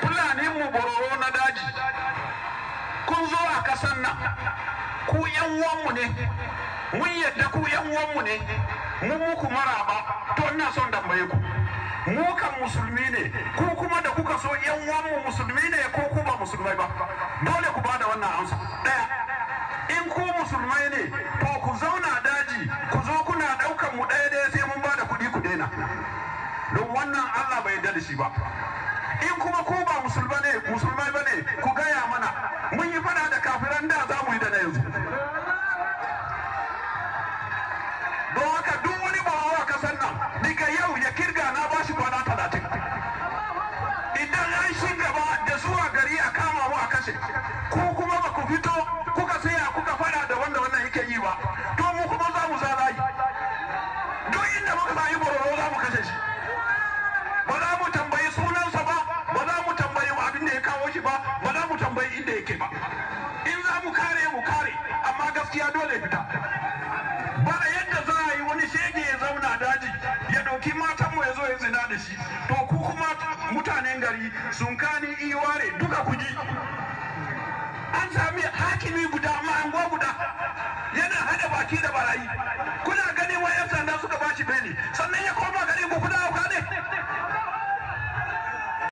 Fulani mu bororo na daji, kun zo a kasan nan, ku ‘yan uwanmu ne, mun yadda ku ‘yan uwanmu ne, mun muku maraba, to ina son dambaye ku. Mu kan musulmi ne, ku kuma da kuka so ‘yan uwanmu musulmi ne ko ku ba musulmai ba, dole ku ba da wannan amsa. Ɗaya, in ku musulmai ne, to ku zauna daji, ku zo kuna ɗaukan mu ɗaya ɗaya sai mun ba da kuɗi ku daina. don wannan Allah bai yarda da shi ba in kuma ko ba musulma ne musulmai ba ne ku gaya mana mun yi fada da kafiran da za mu yi da na yanzu don haka duk wani wa kasan nan daga yau ya kirga na ba shi kwana talatin idan an shi gaba da zuwa gari a kama mu a kashe yake ba in za mu kare mu kare amma gaskiya dole fita ba yadda za a yi wani shege ya zauna daji ya ɗauki matan mu ya zo ya zina da shi to ku kuma mutanen gari sun kani iware duka ku ji an sami hakimi guda ma guda yana hada baki da barayi